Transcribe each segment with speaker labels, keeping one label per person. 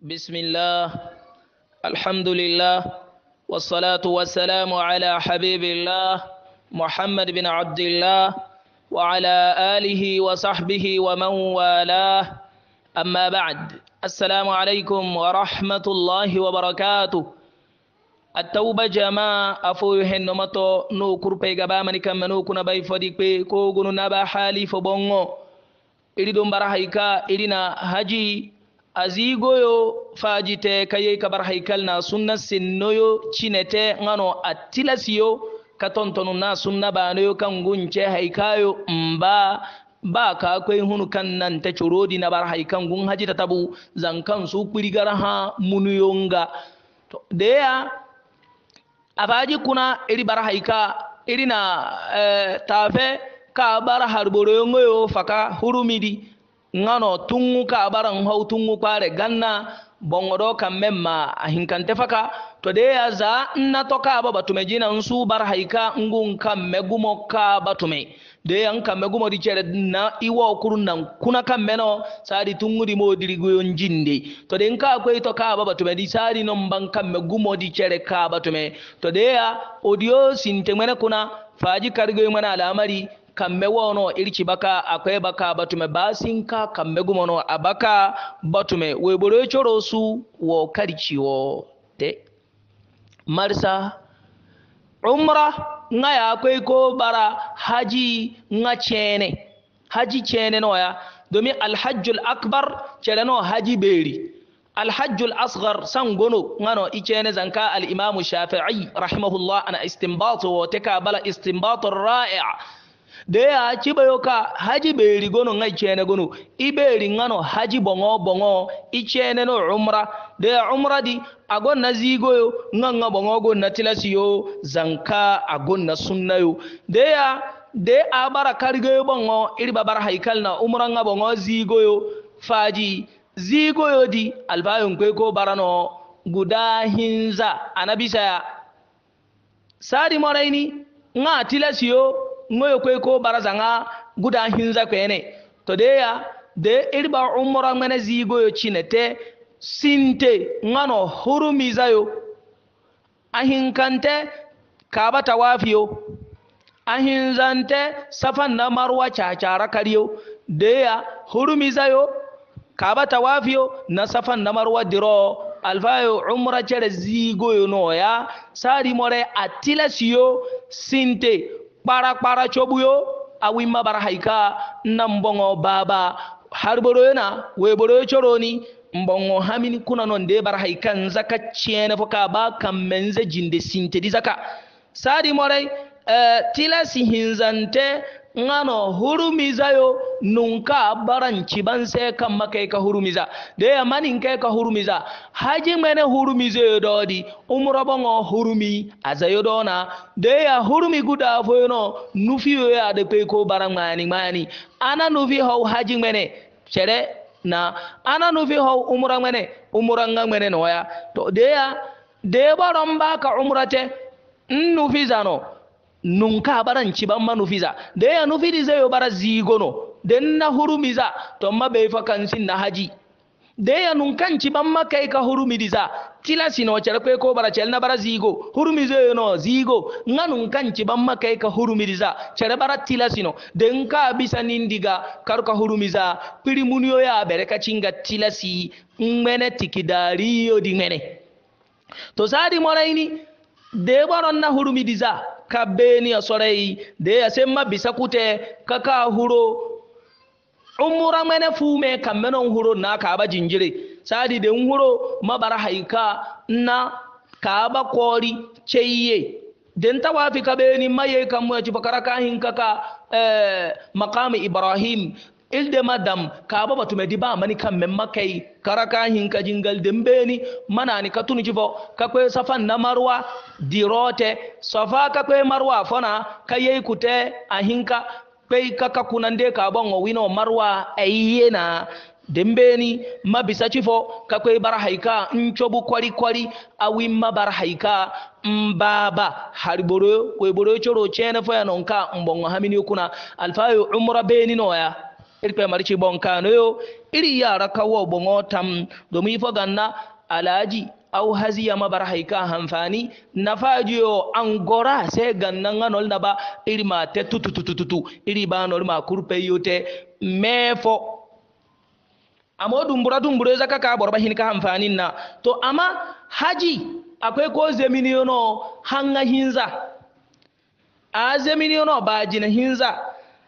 Speaker 1: بسم الله الحمد لله والصلاة والسلام على حبيب الله محمد بن عبد الله وعلى آله وصحبه ومن والاه أما بعد السلام عليكم ورحمة الله وبركاته التوبة جماعة أفوه النمطو نو كنا منكم فديك بي بيكوغن نبا حالي فبونغو إلي دنبرا هيكا إلينا هجي azigoyo fajite kaye kabar haikal na sunna sinnoyo cinete ngano atilasiyo katontonu na sunna banoyo kan haikayo mba ba ka kwai hunu kan nan ta curodi na bar haikan gun haji ta tabu zankan su kurigar ha munuyonga to da ya a kuna iri bar haika iri na eh, tafe ka bar harboro yongo yo faka hurumidi ŋano tuŋu ka abaran hau tuŋu kware ganna boŋo ɗo kam men ma a hinkante faka to de ya za n na to ka ba batume jina n su bar haika ngun kam me gumo ka batume de ya n kam me gumo di cere na iwo kuru nan kuna kam meno sari tungu di mo dirigoyon jinde to de n ka kwe to ka ba batume di sari non ban kam me gumo di cere ka batume to de ya odiyo sinte mwene kuna faji kargoyi mwene alamari kamme wono irki baka akwai baka batume basinka kamme gumono abaka batume weboro choro su wo karci wo te marsa umra nga ya akwai ko bara haji nga chene haji chene ya domin alhajjul akbar chere no haji beri الحج الأصغر سنغنو غنو إيجين زنكا الإمام الشافعي رحمه الله أنا ka bala استنباط رائع deya cibayo ka haji ɓeeri gono ŋa icene gono i ɓeeri ŋano haji bongo bongo icene no umra deya umra di a gonna zigoyo ŋa ŋa boŋo gonna tilasiyo zanka a gonna sunnayo deya de a bara karigoyo boŋo iri babara haikal na umra ŋa boŋo zigoyo faji zigoyo di albayon kwe ko barano guda hinza anabisaya sadi moraini ŋa tilasiyo ngoyo koy ko barazanga guda hinza kwene to de ya de irba umra ngana zigo yo chinete sinte ngano hurumiza yo ahinkante kaba tawafiyo ahinzante safan na marwa cacara kariyo de ya hurumiza yo kaba tawafiyo na safan na marwa diro alfayo umra cere zigo yo noya sari more atila siyo sinte kpara kpara chobuyo awi bar haika nan bongo baba har boro na we boro choroni mbongo hamini kuna non de bar haika zaka chene foka ba kam menze jinde sinte di zaka sadi morai eh, tilasi hinzante ngano hurumiza yo nunka baran cibanse kamma kay ka hurumiza deya manin kai ka hurumiza haji mene hurumize yo doodi umro bongo hurumi azayo dona deya hurumi guda foyono nufiyo ya da kai ko baran mani mani ana nufi haw haji mene sere na ana nufi haw umra mene umra nga mene noya to deya de baron ba ka umrate nufi zano nunka ci ban nufiza, da ya nufidi zai bara zigono den na hurumiza to ma bai fa fakansin na haji da ya nunkanci ban kai ka hurumidiza tilasi no char kwe ko bara cel na bara zigo hurumiza hurumizo no zigo nga nunkanci ban kai ka hurumiza char bara tilasi no den ka bisa nindiga kar ka hurumiza pirimunyo ya bere ka cinga tilasi ngmene tikidariyo di ngene to sadi moraini de baron na hurumidiza ka beni asorei de asemma ka kaka huro umura mene fume kammenon huro na kaaba jinjire sadi de huro mabara haika na kaaba kori cheye den tawafi ka beni maye kammu ci bakara kahin kaka eh maqami ibrahim ilde madam kaba batu me diba mani kan men makai karaka hin ka jingal dembeni mana ni katuni jibo ka kwe safan na marwa dirote safa ka kwe marwa fona ka yei kute ahinka kwe ka ka kunande ka bon wino marwa ayiye na dembeni mabisa chifo ka kwe bar haika nchobu kwari kwari awi mabar haika mbaba hariboro kwe boro choro chene fo ya nonka mbongo hamini kuna alfayo umra beni noya irpe marci bonkanoyo iri yara kawo bongotam domin fo ganna alaji au haziya mabar haika hamfani na fajiyo an gora sai gannan ganol na ba iri ma te tututututu iri ba nol ma kurpe yote mefo amma dumbura dumbura zaka ka borba hin ka na to amma haji akwai ko zeminiyono hanga hinza a ba jina hinza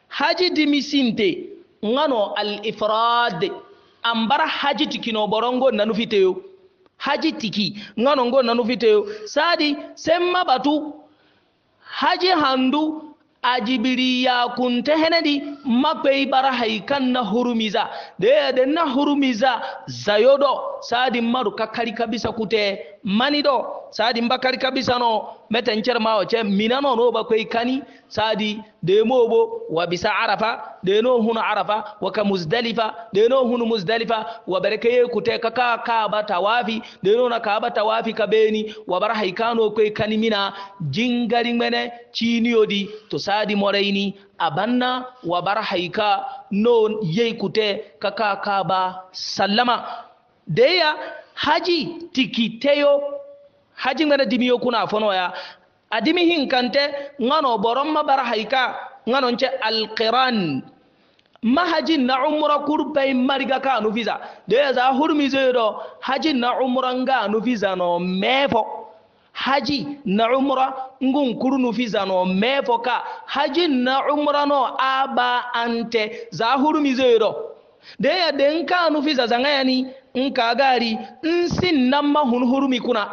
Speaker 1: haji dimisinte ngano al ifrad ambara haji tikino borongo nanu fiteyo haji tiki ngano ngo nanu fiteyo sadi semma batu haji handu ajibiri ya kunta henedi makwai bara haikan na hurumiza da yadda na hurumiza zayodo sadi maru kakari kabisa kute manido sadi mbakari kabisa no mete ma mawo ce minano no ba koy kani sadi de mobo wa bisa arafa de no hunu arafa wa ka muzdalifa de no hunu muzdalifa wa barakaye kute ka ka ka ba tawafi de no na ka ba tawafi ka beni wa bar haikano koy kani mina jingari mene chiniyodi to sadi moraini abanna wa bar haika no yei kute ka ka ka ba sallama deya haji tikiteyo haji ngana dimiyo kuna fono ya adimi hinkante ngano boron mabara haika ngano nce alqiran ma haji na umra kurbai mariga ka anu visa da ya za hurmi zai do haji na umra nga anu visa no mefo haji na umra ngun kurunu visa no mefo ka haji na umra no aba ante za hurmi zai do da ya den ka anu visa zanga yani in ka gari in sin mahun hurmi kuna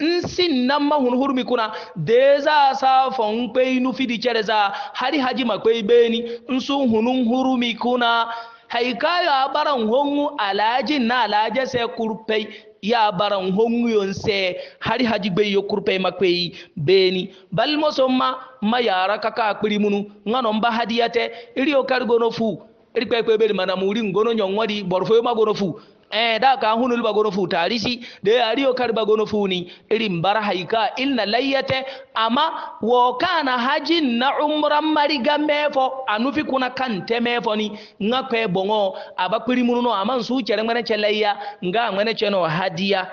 Speaker 1: nsin nan mahun hurmi kuna da ya za sa fon kwai nufi di kere za hari haji makwai beni Nsun sun hunun hurmi kuna haikayo a baran hongu alajin na alaje sai kurfai ya baran hongu yon sai hari haji gbe yo ma makwai beni bal ma ma yara kaka akpiri munu ngano mba hadiyate iri okar gono fu iri kpekpe beri mana muri ngono nyongwadi borfo yo magono fu eh da ka hunul bagono fu tarisi de yariyo kar bagono ni irin bar haika inna layyate amma woka kana hajin na umran mariga mefo anufi kuna kan mefo ni nga kwe bongo aba kuri mununo aman su kere ngane layya nga ngane cheno hadiya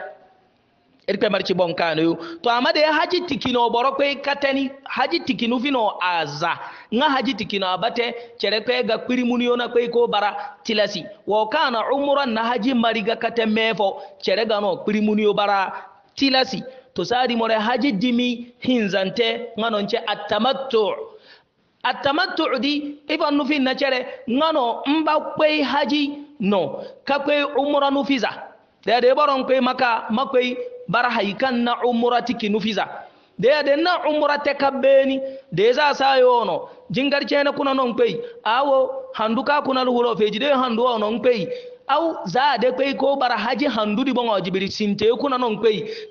Speaker 1: irpe marci bon kano to amma de ya haji tikino boro kwe katani haji tikinu fino aza nga haji tikino abate chere kwe ga kwiri muniyo na kwe ko bara tilasi wo kana umuran na haji mariga kate mefo chere ga no kwiri muniyo bara tilasi to sari more haji dimi hinzante nga nche atamattu atamattu di ifan nufin na chere nga no mba kwe haji no ka kwe umura nufiza da Dede ya kwe maka makwai bar haikan na umurati kinufiza da ya na za sa yi sayono jingar na kuna non kwai awo handuka kuna lura feji de handu wano non au za de kwai ko bar haji handu di bongo jibiri sinte kuna non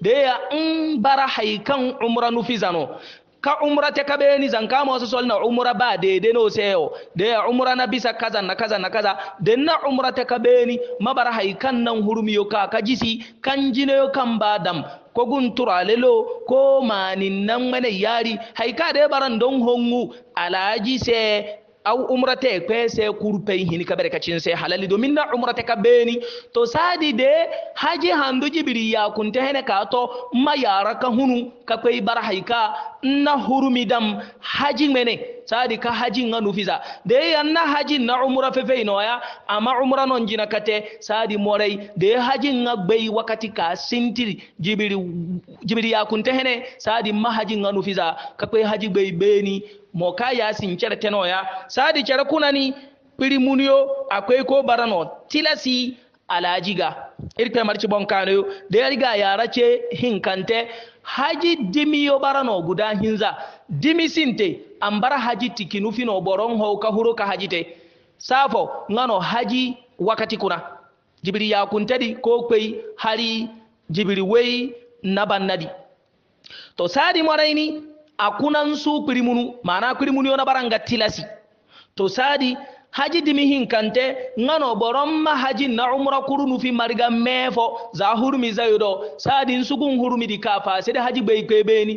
Speaker 1: da ya in mm, bar haikan nufiza no ka umra ta ka beni zan ka mo sol na umra ba de de no seo de umra na bisa kaza na kaza na kaza de na umra te ka beni mabar hay kan nan hurmi yo ka ka jisi kan jine yo kan badam ko gun tura lelo ko manin nan mana yari hay ka de baran don hongu alaji se au umrata ya kwese kurfai hini kabar ka cin sai halali domin na ta ka beni to sadi de haji handu jibiri ya kunta hene ka to ma ka hunu kakwai barhaika na hurumidam haji mene sadi ka haji nga nufisa de yanna haji na umra fefe noya ama umra non jina kate sadi morei de haji nga gbei wakati ka sintiri jibiri jibiri ya kunte sadi ma haji nga nufisa kakwai haji gbei beni moka ya sincere tenoya sadi cere kunani pirimuniyo akwai ko barano tilasi alajiga irpe marci bonkano da ya riga yara ce hinkante haji dimiyo barano guda hinza dimisinte ambara haji tikinufino boron ho ka huru ka haji te safo ngano haji wakati kuna jibiri yakuntadi ko kwei hari jibiri wei nabannadi to sadi moraini akunan su pirimunu mana pirimunu yona baranga tilasi to sadi haji dimi hinkante ngano boron ma haji na umra kurunu fi marga mefo za hurmi zayudo sadin sugun hurmi di kafa sai da haji bai kai beni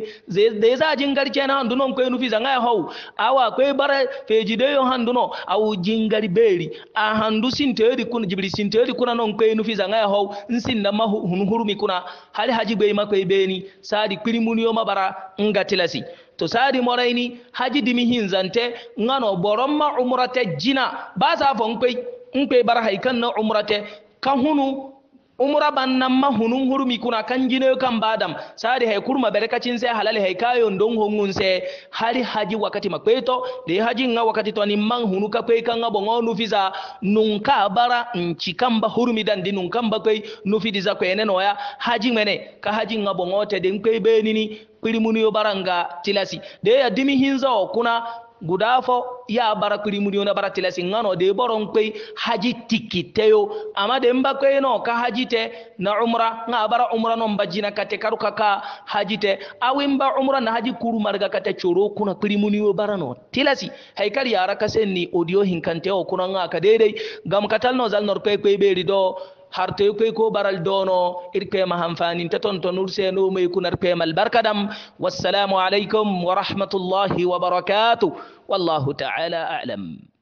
Speaker 1: da za jin garke na handuno kai nufi zanga ya hau awa kai bara feji da yo handuno awu jingari beri a handu sin teori kun jibri sin teori kuna non kai nufi zanga ya hau nsin na mahun hurmi kuna hali haji bai ma kai beni muni yoma bara, ngatilasi tilasi to sari moraini haji dimi hinzante ngano boron ma umrate jina ba sa fon kwe in bar haikan na umrate kan hunu umra bannan nan mahunun hurmi kuna kan gine kan badam sari hay kurma barkacin sai halal hay kayon don hongun sai hari haji wakati makweto de haji nga wakati to ni man hunu ka kai kan abon onu fiza nun ka bara nci kan ba hurmi dan di nun kan ba kai nu fi diza kwe neno ya haji mene ka haji nga ote de be benini pirimuni yo baranga tilasi de ya dimi hinzo kuna guda fo ya bara kuri muri na bara tilasi ngano de boron kwe haji tikiteyo ama de ka haji te na umra nga bara umra no mbajina kate ka haji te awi mba umra na haji kuru marga kate choro kuna kuri muri yo bara no tilasi haikari ya raka senni audio hinkante o kuna nga ka dai gam katal no zal beri do hartoy koy ko baral dono ir kema hanfaninta ton to nur seno may kunar mal barkadam wassalamu alaikum wa rahmatullahi wa barakatuh wallahu ta'ala a'lam